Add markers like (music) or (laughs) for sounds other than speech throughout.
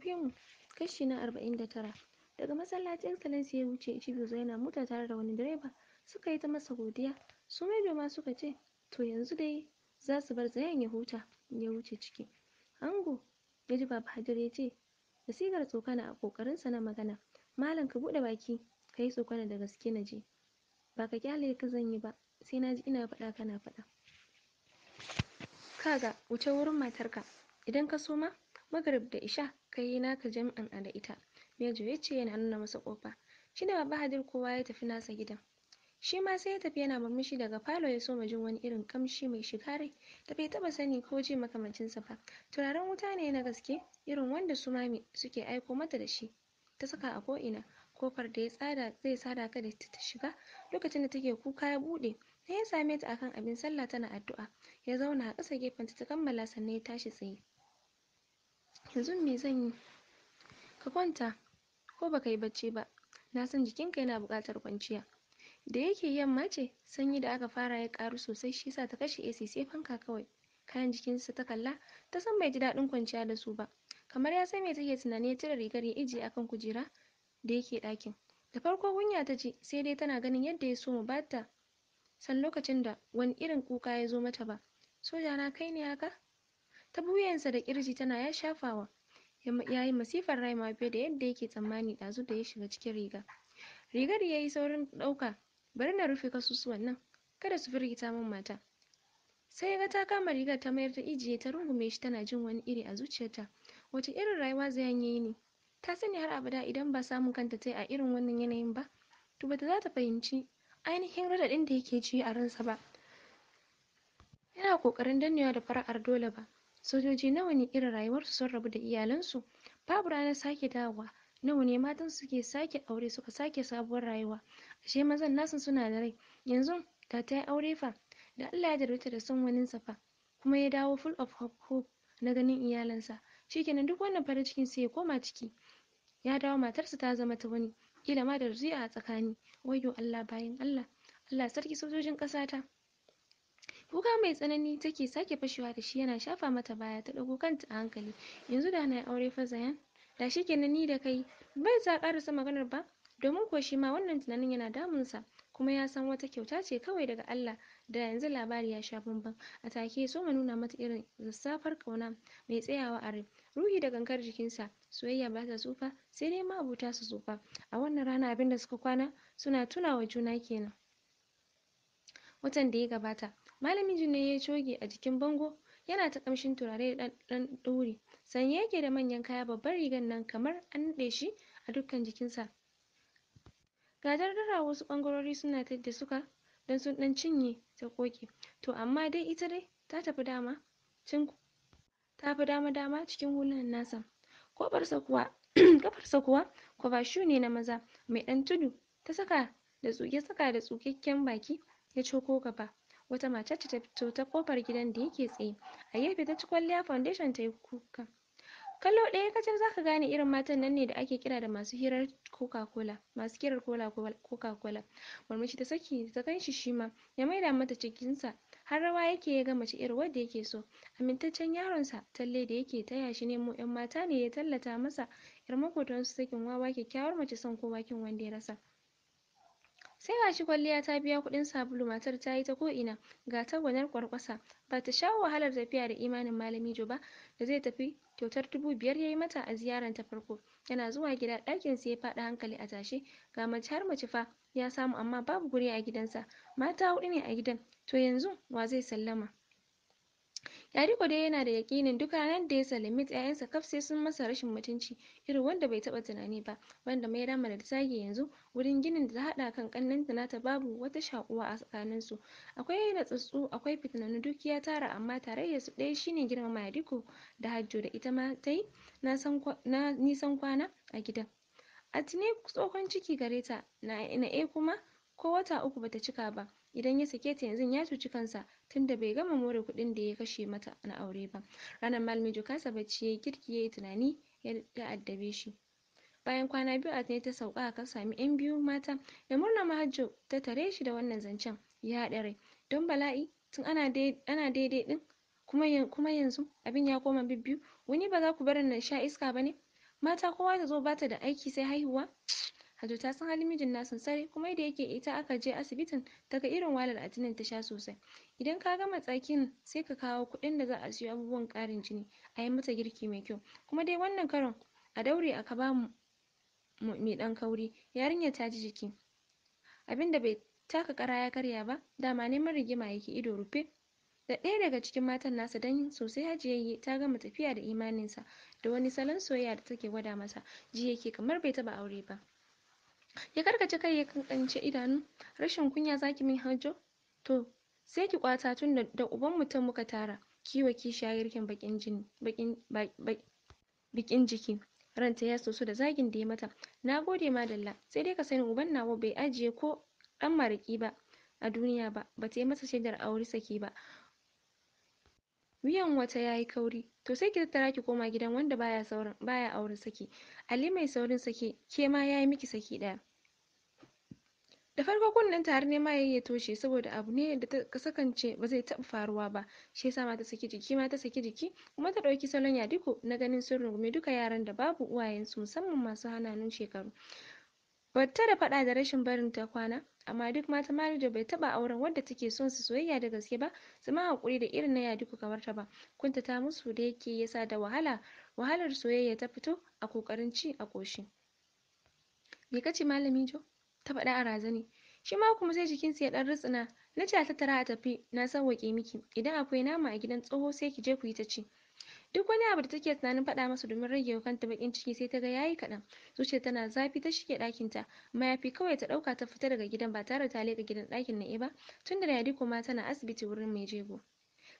fim kashi na arba'in da tara daga masallaci excellence ya wuce chibizo yana mota tare da wani direba suka yi ta masa godiya su mai ma suka ce to yanzu dai za su bar zayan ya huta ya wuce ciki ango ya ji baba hajar ya ce da sigar tsokana a kokarinsa na magana malam ka bude baki ka yi tsokana da gaske na je ba ka kyale ka zan yi ba sai na ji ina faɗa kana faɗa kaga wuce wurin matarka idan ka so ma magarib da isha kai na naka jam'an a da ita Mejo ya ce yana nuna masa ƙofa shi da Baba Hadir kowa ya tafi nasa gidan shi ma sai ya tafi yana murmushi daga falo ya soma jin wani irin kamshi mai shiga da bai taba sani ko ji sa ba turaren wuta ne na gaske irin wanda su mami suke aiko mata da shi ta saka a ina kofar da ya tsada zai sada ka da ta shiga lokacin da take kuka ya bude sai ya same ta akan abin sallah tana addu'a ya zauna a ƙasa gefen ta ta kammala sannan ya tashi tsaye yanzu me zan yi ka kwanta ko baka yi bacci ba na san jikinka yana buƙatar kwanciya da yake yamma ce sanyi da aka fara ya ƙaru sosai shi yasa ta kashe AC sai fanka kawai kayan jikinsa ta kalla ta san bai ji daɗin kwanciya da su ba kamar ya san me take tunani ya cire rigar ya ijiye akan kujera da yake ɗakin da farko kunya ta ji sai dai tana ganin yadda ya so mu bata san lokacin da wani irin kuka ya zo mata ba soja na kai ne haka ta buyansa da kirji tana ya shafawa ya yi masifar raimawa fiye da yadda yake tsammani ɗazu da ya shiga cikin riga rigar ya yi saurin ɗauka bari na rufe kasusuwan nan kada su firgita min mata sai ya ga ta kama rigar ta mayar ta ijiye ta rungume shi tana jin wani iri a zuciyarta wace irin rayuwa zayan yayi ne ta sani har abada idan ba samun kanta ta a irin wannan yanayin ba to bata za ta fahimci ainihin raɗaɗin da yake ci a ransa ba yana ƙoƙarin dannewa da fara'ar dole ba sojoji nawa ne irin rayuwarsu sun rabu da iyalansu babu ranar sake dawowa nawa ne matan suke sake aure suka sake sabuwar rayuwa ashe mazan nasu suna da rai yanzu da ta yi aure fa da Allah ya jarumta da son wani fa kuma ya dawo full of hope na ganin iyalansa shikenan duk wannan farin cikin sai ya koma ciki ya dawo matarsa ta zama ta wani kila ma da a tsakani wayyo Allah bayan Allah Allah sarki sojojin ƙasata Kuka mai tsanani take sake fashewa da shi yana shafa mata baya ta ɗago kanta a hankali. Yanzu da na aure fa Zayan. Da shi kenan ni da kai. Bai sa ƙarasa maganar ba domin ko shi ma wannan tunanin yana damunsa. kuma ya san wata kyauta ce kawai daga Allah da yanzu labari ya sha bamban a take so mu nuna mata irin zassafar kauna mai tsayawa a rai ruhi da gangar jikinsa soyayya ba ta tsufa sai dai ma abuta su tsufa a wannan rana abin da suka kwana suna tunawa juna kenan watan da ya gabata malamin jin ya yayi coge a jikin bango yana ta kamshin turare da dan ɗauri sanye yake da manyan kaya babbar rigar nan kamar an nade shi a dukkan jikinsa ga dardara wasu bangarori suna ta da suka don sun ɗan cinye ta koke to amma dai ita dai ta tafi dama cin ta fi dama dama cikin hulunan nasa kofarsa kuwa (clears throat) kafarsa kuwa kwabashu ne na maza mai dan tudu ta saka da tsuke saka da tsukakken baki ya coko gaba wata matar ce ta fito ta kofar gidan da yake tsaye a gefe ta ci kwalliya foundation ta yi kuka kallo ɗaya kacal zaka gane irin matan nan ne da ake kira da masu hirar coca cola masu kirar cola coca cola murmushi ta saki ta kan shi shi ma ya maida mata cikinsa har rawa yake ya ga mace irin wanda yake so amintaccen yaron sa talle da yake taya shi nemo yan mata ne ya tallata masa yar makotansu sakin wawa kyakkyawar mace son kowa kin wanda ya rasa sai gashi kwalliya ta biya kuɗin sabulu matar ta yi ta ko'ina ga tagwanar kwarkwasa ba ta sha wahalar tafiya da imanin malami jo ba da zai tafi kyautar dubu biyar ya yi mata a ziyarar ta farko yana zuwa gida ɗakin sai ya faɗi hankali a tashe ga mace har mace fa ya samu amma babu guri a gidansa mata huɗu ne a gidan to yanzu wa zai sallama Yadiko dai yana da yakinin duk ranar da ya sallami ƴaƴansa kaf sai sun masa rashin mutunci irin wanda bai taɓa tunani ba wanda Maira da Sage yanzu wurin ginin da ta haɗa kan ƙannenta nata babu wata shakuwa a tsakaninsu. Akwai natsatsu akwai fitinannu duk ya tara amma tarayyarsu su ɗaya shine girmama Yariko da Hajjo da ita ma ta yi na nisan kwana a gidan. A tuni tsohon ciki gare ta na'e eh kuma ko wata uku bata cika ba idan ya sake ta yanzu ya cuci kansa tunda bai gama more kuɗin da ya kashe mata na aure ba ranar malami kasa bacci ya kirki ya yi tunani ya addabe shi bayan kwana biyu a ta sauka aka sami yan biyu mata ya murna mahajjo ta tare shi da wannan zancen ya haɗa rai don bala'i tun ana daidai din kuma yanzu abin ya koma bibbiyu wani ba za ku bar na sha iska ba ne mata kowa ta zo bata da aiki sai haihuwa Hajo ta san halin mijin nasu sare kuma da yake ita aka je asibitin ta ga irin wahalar addinin ta sha sosai. Idan ka gama tsakin sai ka kawo kuɗin da za a siyo abubuwan ƙarin jini a yi mata girki mai kyau. Kuma dai wannan karon a daure aka ba mu mai ɗan kauri yarinyar ta ji jiki. Abin da bai taka ƙara ya karya ba dama neman rigima yake ido rufe da ɗaya daga cikin matan nasa dan sosai hajiyayye ta gama tafiya da imaninsa da wani salon soyayya da take gwada masa ji yake kamar bai taɓa aure ba ya karkace kai ya kankance idanu rashin kunya zaki min hajjo to sai ki kwata tun da uban mutum muka tara kiwa kishiya girkin bakin jini bakin bakin jiki ranta ya soso da zagin da ya mata na gode madalla sai dai ka sani uban nawa bai ajiye ko dan mariki ba a duniya ba ba ta yi masa shaidar auri saki ba wuyan wata yayi kauri to sai ki tattara ki koma gidan wanda baya saurin baya auren saki ali mai saurin saki ke ma yayi miki saki ɗaya da farko kunnen tare ne ma ya toshe saboda abu ne da ta kasakance ba zai taɓa faruwa ba shi yasa ma ta saki jiki ma ta saki jiki kuma ta ɗauki salon yadiko na ganin sun rungumi duka yaran da babu uwayensu musamman masu hananun shekaru batta da faɗa da rashin barin ta kwana amma duk mata da bai taɓa auren wadda take son su soyayya da gaske ba su ma hakuri da irin na duka kamar ta ba kunta ta musu da yake ya sa da wahala wahalar soyayya ta fito a kokarin ci a ƙoshi. me kace malami jo ta faɗa a razani shi ma kuma sai jikinsa ya ɗan rutsuna na ce ta tara a tafi na sawwaƙe miki idan akwai nama a gidan tsoho sai ki je ku yi ta ci duk wani abu da take tunanin faɗa masa domin rage wa kanta bakin ciki sai ta ga yayi kaɗan zuciya tana zafi ta shige ɗakin ta mayafi kawai ta ɗauka ta fita daga gidan ba tare da ta leƙa gidan ɗakin na'iba ba tun da yadi kuma tana asibiti wurin mai jego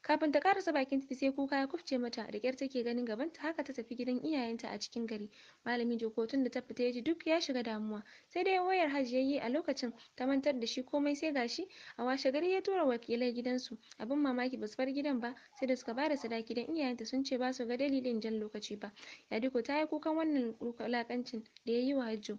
kafin ta karasa bakin ta sai kuka ya kufce mata da kyar take ganin gabanta haka ta tafi gidan iyayenta a cikin gari malamin jokotun da ta fita ya ji duk ya shiga damuwa sai dai wayar hajiyayye a lokacin ta mantar da shi komai sai gashi a washe gari ya tura wakilai gidansu abin mamaki basu bar gidan ba sai da suka bada sadaki dan iyayenta sun ce basu ga dalilin jan lokaci ba yadiko ta yi kukan wannan wulakancin da ya yi wa hajjo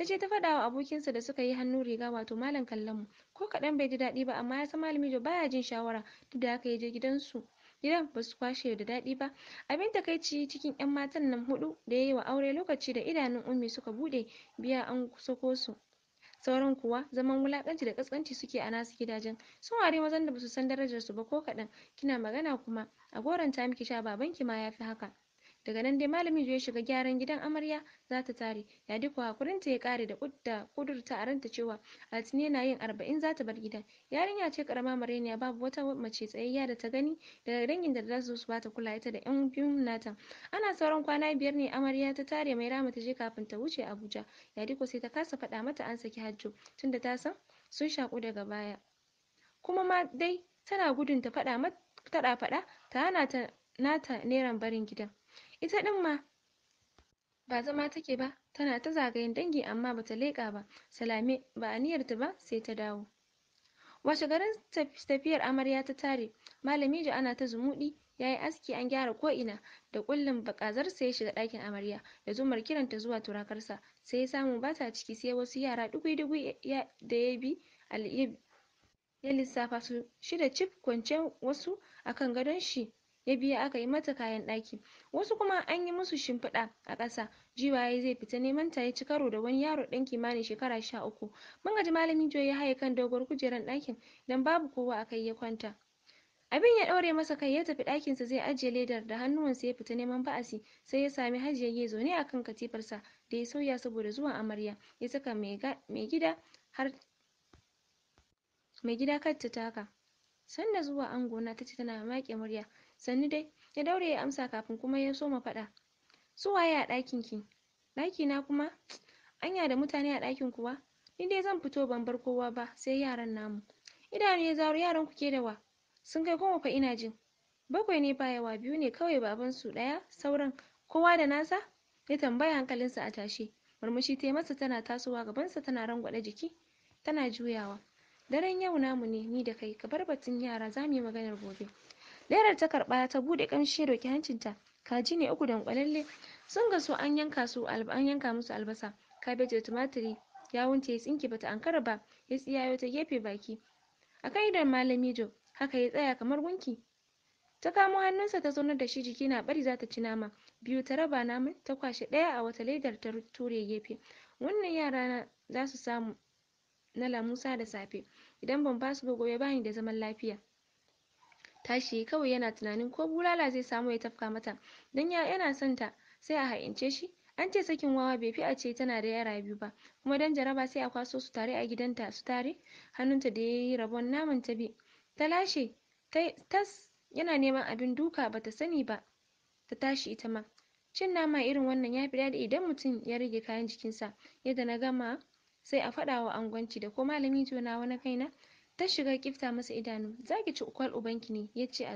ta je ta faɗa wa abokinsa da suka yi hannu riga wato malam kallon mu ko kaɗan bai ji daɗi ba amma ya san malami jo baya jin shawara duk da haka ya je gidansu gidan ba kwashe da daɗi ba abin takaici cikin yan matan nan hudu da ya yi wa aure lokaci da idanun ummi suka buɗe biya an sako su sauran kuwa zaman wulakanci da kaskanci suke a nasu gidajen sun ware mazan da basu san darajar su ba ko kaɗan kina magana kuma a goranta miki sha babanki ma yafi haka daga nan dai malamin ya shiga gyaran gidan amarya za ta tare ya duka hakurinta ya kare da kudda kudurta a ranta cewa altine yana yin arba'in za ta bar gidan yarinya ce karama mareniya babu wata mace tsayayya da ta gani daga dangin da za su su bata kula ita da yan biyun nata ana sauran kwana biyar ne amarya ta tare mai rama ta je kafin ta wuce abuja yadiko sai ta kasa faɗa mata an saki hajjo tunda ta san sun shaku daga baya kuma ma dai tana gudun ta faɗa mata faɗa ta hana ta nata neran barin gidan ita din ma ba zama take ba tana ta zagayen dangi amma bata leƙa ba salame ba aniyarta ba sai ta dawo washe garin tafiyar amarya ta tare malami ji ana ta zumuɗi ya yi aski an gyara ko'ina da kullum bakazarsa ya shiga ɗakin amarya da zumar kiranta zuwa turakarsa sai ya samu bata ciki sai wasu yara dugui-dugui da ya bi ya lissafa su da cif kwance wasu akan gadon shi ya biya aka yi mata kayan ɗaki wasu kuma an yi musu shimfiɗa a ƙasa jiwaye zai fita neman ta ya ci karo da wani yaro ɗan kimanin shekara sha uku mun gaji malamin jo ya haye kan doguwar kujerar ɗakin dan babu kowa a kai ya kwanta abin ya ɗaure masa kai ya tafi ɗakinsa zai ajiye ledar da hannuwansa ya fita neman ba'asi sai ya sami hajiya ya zaune a kan katifarsa da ya sauya saboda zuwan amarya ya saka mai gida har mai gida kar ta taka sanda zuwa angona tace tana maƙe murya sannu dai ya daure ya amsa kafin kuma ya soma faɗa su waye a ɗakin ki ɗaki na kuma anya da mutane a ɗakin kuwa ni dai zan fito ban bar kowa ba sai yaran namu idanu ya zaro yaran ku ke da wa sun kai goma fa ina jin bakwai ne ba yawa biyu ne kawai baban su ɗaya sauran kowa da nasa ya tambaya hankalinsa a tashe murmushi ta masa tana tasowa gabansa tana rangwada jiki tana juyawa daren yau namu ne ni da kai ka bar batun yara za mu yi maganar gobe lerar ta karɓa ta buɗe ƙamshi ya doki hancinta kaji ne uku danƙwalalle sun gasu an yanka su an yanka musu albasa kabeji da tumatiri yawunta ya tsinke bata ankara ba ya tsiyayo ta gefe baki a kan idon malami jo haka ya tsaya kamar gunki ta kamo hannunsa ta zaunar da shi jiki na bari za ta ci nama biyu ta raba naman ta kwashe ɗaya a wata ledar ta ture gefe wannan yara na za su samu na lamusa da safe idan ban basu ba gobe bani da zaman lafiya tashi kawai yana tunanin ko bulala zai samu ya tafka mata dan yana son ta sai a ha'ince shi an ce sakin wawa bai fi a ce tana da yara biyu ba kuma dan jaraba sai a kwaso su tare a gidanta su tare hannunta da yayi rabon naman ta bi ta lashe tas yana neman abin duka bata sani ba ta tashi ita ma cin nama irin wannan ya fi daɗi idan mutum ya rage kayan jikin sa yadda na gama sai a faɗa wa angwanci da ko malami jona wani kaina ta shiga kifta masa idanu zaki ci ukwal ubanki ne yace a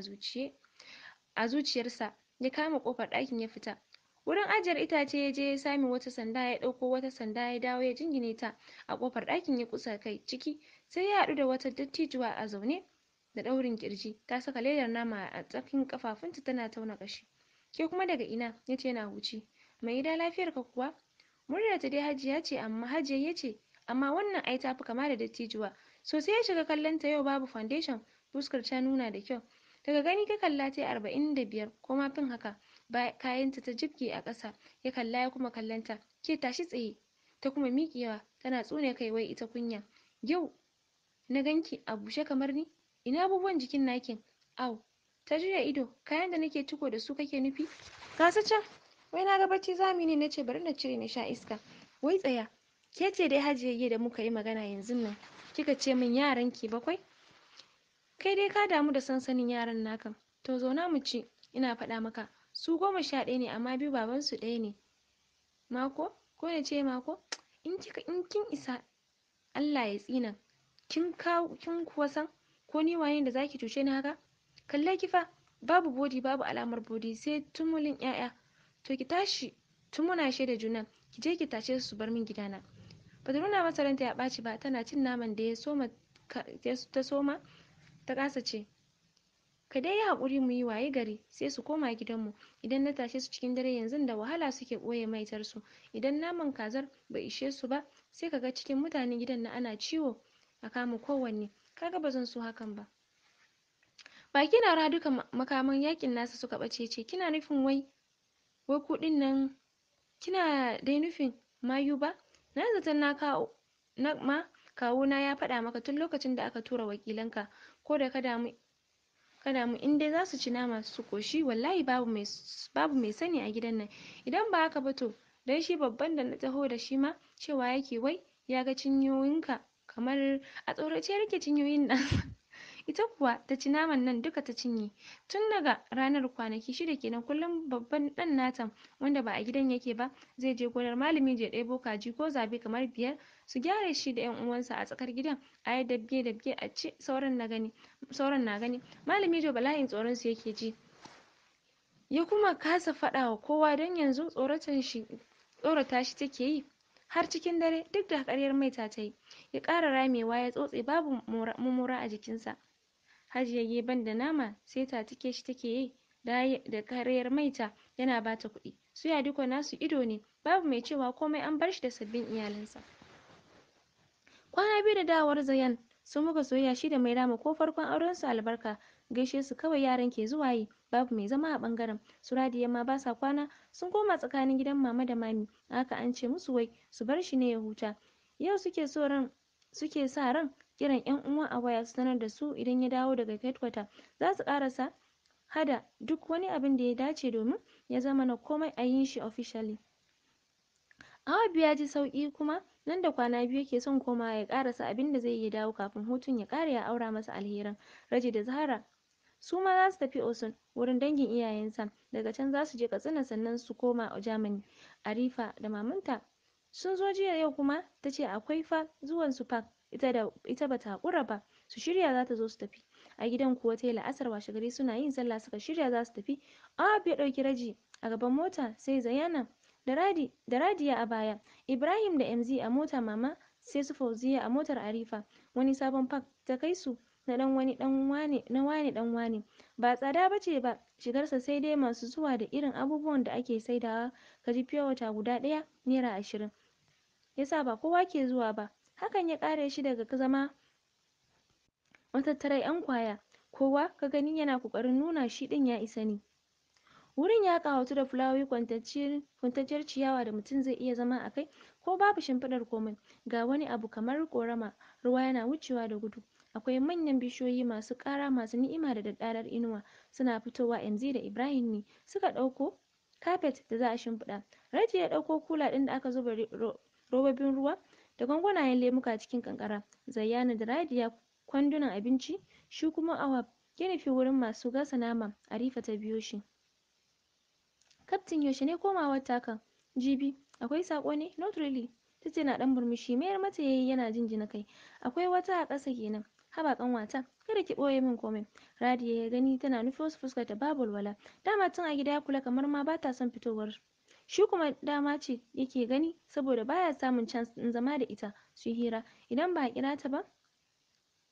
a zuciyarsa ya kama kofar ɗakin ya fita wurin ajiyar itace ya je ya sami wata sanda ya ɗauko wata sanda ya dawo ya jingine ta a kofar ɗakin ya kusa kai ciki sai ya haɗu da wata dattijuwa a zaune da ɗaurin kirji ta saka ledar nama a tsakin kafafunta tana tauna ƙashi ke kuma daga ina yace yana huci mai gida ka kuwa muryar ta dai hajiya ce amma hajiya ce amma wannan ai tafi kama da dattijuwa sosai ya shiga kallon ta yau babu foundation fuskar ta nuna da kyau daga gani ka kalla ta arba'in da biyar ko ma fin haka kayanta ta jibge a ƙasa ya kalla ya kuma kallon ta ke tashi tsaye ta kuma miƙewa tana tsune kai wai ita kunya yau na ganki a bushe kamar ni ina abubuwan jikin nakin au ta juya ido kayan da nake ciko da su kake nufi ka can wai na ga bacci zamu ne nace bari na cire na sha iska wai tsaya ke ce dai hajiyayye da muka yi magana yanzun nan kika ce min yaran ki bakwai kai dai ka damu da sansanin yaran naka to zauna mu ci ina faɗa maka su goma sha ɗaya ne amma biyu baban su ɗaya ne mako ko na ce mako in kika in kin isa Allah ya tsina kin kawo kin kuwa san ko ni waye da zaki cuce ni haka kalle ki fa babu bodi babu alamar bodi sai tumulin ƴaƴa to ki tashi tumuna da juna ki je ki tashe su bar min gidana ba ta nuna masa ranta ya ɓaci ba tana cin naman da ya soma ta soma ta kasa ce ka dai yi haƙuri mu yi waye gari sai su koma gidanmu idan na tashe su cikin dare yanzu da wahala suke ɓoye maitar su idan naman kazar bai ishe su ba sai ka ga cikin mutanen gidan na ana ciwo a kama kowanne kaga ba zan so hakan ba baki na ra duka makaman yakin nasa suka ɓace ce kina nufin wai wai kuɗin nan kina dai nufin mayu ba na zaton na kawo na ma na ya faɗa maka tun lokacin da aka tura wakilanka ko da ka damu ka damu in dai zasu ci nama su ƙoshi wallahi babu mai babu mai sani a gidan nan idan ba haka ba to dan shi babban da na taho da shi ma cewa yake wai ya ga cinyoyinka kamar a tsorace rike cinyoyin nasa (laughs) ita kuwa ta ci naman nan duka ta cinye tun daga ranar kwanaki shida kenan kullum babban dan nata wanda ba a gidan yake ba zai je gonar malami ya ɗebo kaji ko zabe kamar biyar su gyara shi da yan uwansa a tsakar gidan a yi dabge dabge a ci sauran na gani sauran na gani malami jo bala'in tsoron su yake ji ya kuma kasa faɗa wa kowa don yanzu tsoratan shi tsorata shi take yi har cikin dare duk da karyar mai ta yi ya ƙara ramewa ya tsotse babu mumura a jikinsa Hajiya ban da nama sai ta take shi take yi da karayar maita yana bata kuɗi. Su duka nasu ido ne babu mai cewa komai an bar shi da sabbin iyalansa. Kwana biyu da dawowar Zayan sun buga soyayya shi da mai rama ko farkon aurensu albarka gaishe su kawai yaran ke zuwa yi babu mai zama a bangaren su radiya ma ba sa kwana sun koma tsakanin gidan mama da mami haka an ce musu wai su bar shi ne ya huta yau suke so ran suke sa ran kiran yan uwa a waya su sanar da su idan ya dawo daga headquarter za su karasa hada duk wani abin da ya dace domin ya zama na komai a yin shi officially Awabi ya ji sauki kuma nan da kwana biyu yake son koma ya karasa abin da zai yi dawo kafin hutun ya kare ya aura masa alheran, raji da zahara suma ma za su tafi osun wurin dangin iyayensa daga can za su je katsina sannan su koma germany arifa da mamanta sun zo jiya yau kuma ta ce akwai fa zuwan su park ita da ita bata haƙura ba su shirya za ta zo su tafi a gidan kuwa ta yi la'asar washe gari suna yin sallah suka shirya za su tafi awab ya ɗauki raji a gaban mota sai zayana da radi da radiya a baya ibrahim da mz a mota mama sai su fauziya a motar arifa wani sabon park ta kai su na dan wani dan wane na wane dan wane ba tsada bace ba shigarsa sai dai masu zuwa da irin abubuwan da ake saidawa ka ji fiye wata guda ɗaya naira ashirin yasa ba kowa ke zuwa ba hakan ya kare shi daga zama matattarar yan kwaya kowa ka gani yana kokarin nuna shi din ya isa ne wurin ya kawatu da fulawoyi kwantacciyar ciyawa da mutum zai iya zama a kai ko babu shimfiɗar komai ga wani abu kamar ƙorama ruwa yana wucewa da gudu akwai manyan bishiyoyi masu ƙara masu ni'ima da daddalar inuwa suna fitowa yanzu da ibrahim ne suka ɗauko carpet da za a shimfiɗa rajiya ya ɗauko kula ɗin da aka zuba robobin ruwa da gwangwanayen lemuka cikin kankara zayyana da radiya kwandunan abinci shi kuma awab ya nufi wurin masu gasa nama a rifa ta biyo shi kaftin yaushe ne komawar taka jibi akwai sako ne not really tace na dan murmushi mayar mata yayi yana jinjina kai akwai wata a ƙasa kenan haba kanwata kada ki boye min komai radiya ya gani tana nufo wasu fuskar ta babu walwala dama tun a gida ya kula kamar ma bata son fitowar shi kuma dama ce yake gani saboda baya samun chance ɗin zama da ita su hira idan ba a kira ta ba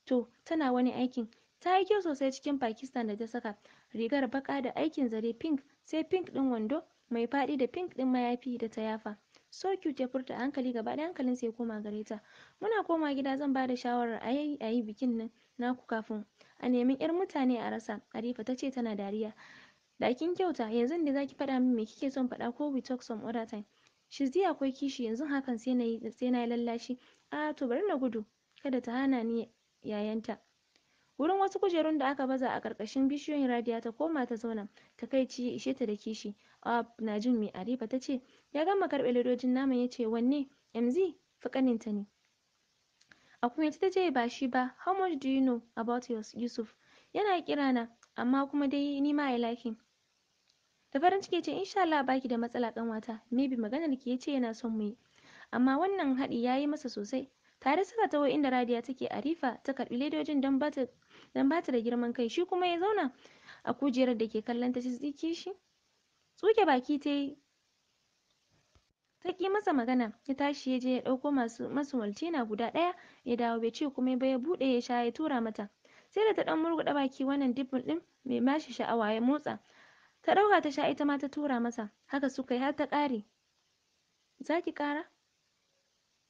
to tana wani aikin ta yi kyau sosai cikin pakistan da ta saka rigar baƙa da aikin zare pink sai pink ɗin wando mai faɗi da pink ɗin mayafi da ta yafa so cute ya furta hankali gaba ɗaya hankalin sai koma gare ta muna koma gida zan bada shawarar a a yi bikin nan naku kafin a nemi yar mutane a rasa arifa ta ce tana dariya da kin kyauta yanzu ne zaki faɗa min me kike son faɗa ko we talk some other time shi zai akwai kishi yanzu hakan sai na yi sai na lallashi a to bari na gudu kada ta hana ni yayanta wurin wasu kujerun da aka baza a karkashin bishiyoyin radiya ta koma ta zauna ta kai ci ishe ta da kishi a na jin mai arifa ta ce ya gama karɓe ledojin naman ya ce wanne mz fakaninta ne a kunyata ta ce ba shi ba how much do you know about yusuf yana kira na amma kuma dai ni ma i like him da farin ciki yace insha Allah baki da matsala kanwata maybe maganar ki yace yana son mu yi amma wannan haɗi yayi masa sosai tare suka taho inda Radiya take Arifa ta karbi ledojin don bata dan bata da girman kai shi kuma ya zauna a kujerar da ke kallon ta tsike shi tsuke baki ta yi ta ki masa magana ya tashi ya je ya ɗauko masu masu maltina guda ɗaya ya dawo bai ce komai ba ya buɗe ya sha ya tura mata sai da ta ɗan murguɗa baki wannan dibul ɗin mai bashi sha'awa ya motsa ta ɗauka ta sha ita ma ta tura masa haka suka yi har ta ƙare za ki ƙara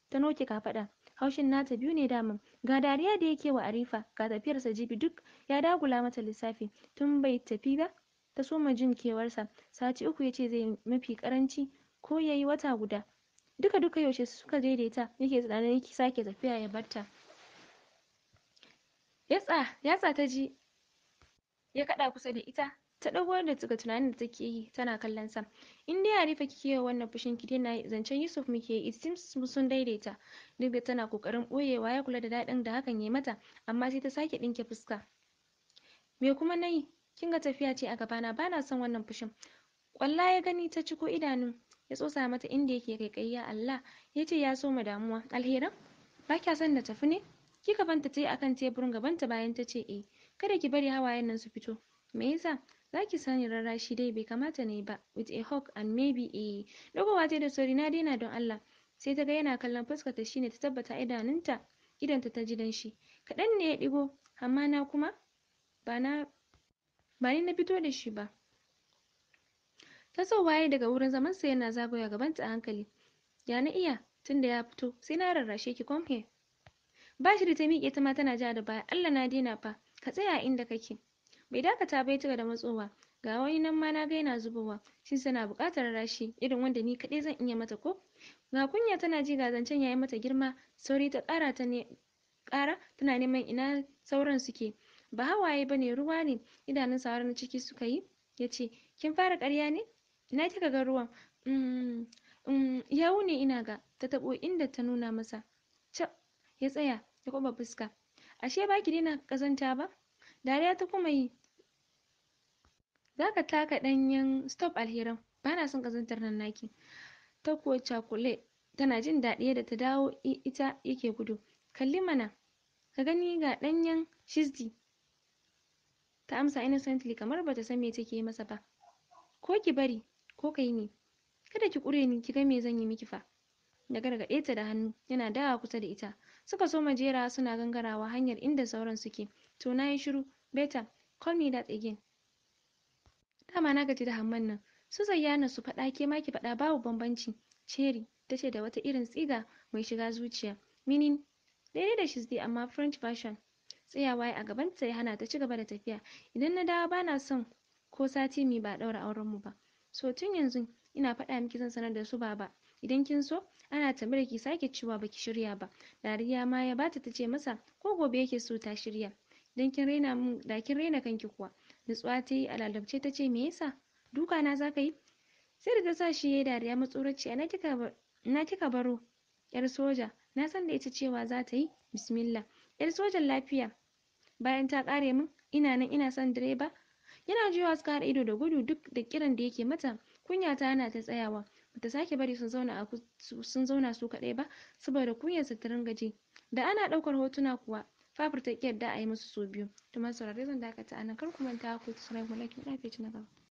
ta noke kafaɗa haushin nata biyu ne daman ga dariya da yake wa arifa ga tafiyarsa jibi duk ya dagula mata lissafi tun bai tafi ba ta soma jin kewarsa sati uku ya ce zai mafi karanci ko yayi wata guda duka duka yaushe suka daidaita yake tsananin yake sake tafiya ya barta yatsa yatsa ta ji ya kaɗa kusa da ita ta ɗago da daga tunanin da take yi tana kallon sa in dai fa kike yi wannan fushin ki na zancen Yusuf muke yi it seems sun daidaita duk da tana kokarin boyewa ya kula da daɗin da hakan yayi mata amma sai ta sake ɗinke fuska me kuma nayi kin ga tafiya ce a gabana bana son wannan fushin kwalla ya gani ta ciko idanu ya tsosa mata inda yake kai ya Allah ya ce ya soma damuwa alheran ba kya son na tafi ne kika banta ta akan teburin gabanta bayan ta ce eh kada ki bari hawayen nan su fito me yasa zaki sani shi dai bai kamata nayi ba with a hug and maybe a dogowa ta da sauri na daina don Allah sai ta ga yana kallon fuskar ta shine ta tabbata idanunta idanta ta ji danshi kaɗan ne ya ɗigo amma na kuma ba na ba ni na fito da shi ba ta waye daga wurin zaman sa yana zagaya gabanta a hankali ya na iya tunda ya fito sai na rarrashe ki come here ba da ta miƙe ta ma tana ja da baya Allah na daina fa ka tsaya inda kake bai dakata ba ya cigaba da matsowa ga wani nan ma na ga yana zubowa shin tana buƙatar rashi irin wanda ni kaɗai zan iya mata ko ga kunya tana ji ga zancen yayi mata girma sauri ta ƙara ta ne ƙara tana neman ina sauran suke ba hawaye bane ruwa ne idanun sawar na ciki suka yi yace kin fara ƙarya ne ina kika ga ruwan mm, mm, yau ne ina ga ta taɓo inda ta nuna masa cap ya tsaya ya kwaba fuska ashe baki daina ƙazanta ba dariya ta kuma yi za ka taka ɗanyen stop alheran ba na son ƙazantar nan naki ta kuwa cakule tana jin daɗi yadda ta dawo ita yake gudu kalli mana ka gani ga ɗanyen shizdi ta amsa innocently kamar bata san me take masa ba ko ki bari ko yi ni kada ki kure ni ki ga me zan yi miki fa ya gargaɗe ta da hannu yana dawa kusa da ita suka so majera suna gangarawa hanyar inda sauran suke to na yi shiru beta call me that again dama na gaji da hamman nan su zayyana su faɗa ke ma ki faɗa babu bambanci cherry ce da wata irin tsiga mai shiga zuciya meaning daidai da shizdi amma french version tsayawa a gaban ta ya hana ta ci gaba da tafiya idan na dawo bana son ko sati mi ba daura auren mu ba so tun yanzu ina faɗa miki zan sanar da su baba idan kin so ana tambayar ki sake cewa baki shirya ba dariya ma ya bata ta ce masa ko gobe yake so ta shirya idan kin raina mun da kin raina kanki kuwa nutsuwa ta yi a ta ce me yasa duka na za ka yi sai da ta sa shi ya yi dariya matsoraci a na kika baro yar soja na san da ita cewa za ta yi bismillah yar sojan lafiya bayan ta kare min ina nan ina son direba yana juyawa su kara ido da gudu duk da kiran da yake mata kunya ta na ta tsayawa bata sake bari sun zauna a sun zauna su kaɗai ba saboda kunyar su ta ringa ji da ana ɗaukar hotuna kuwa Fabur ta ƙi yarda a yi musu su biyu. To masu zan dakata a nan kar ku manta ku subscribe mu like na gaba.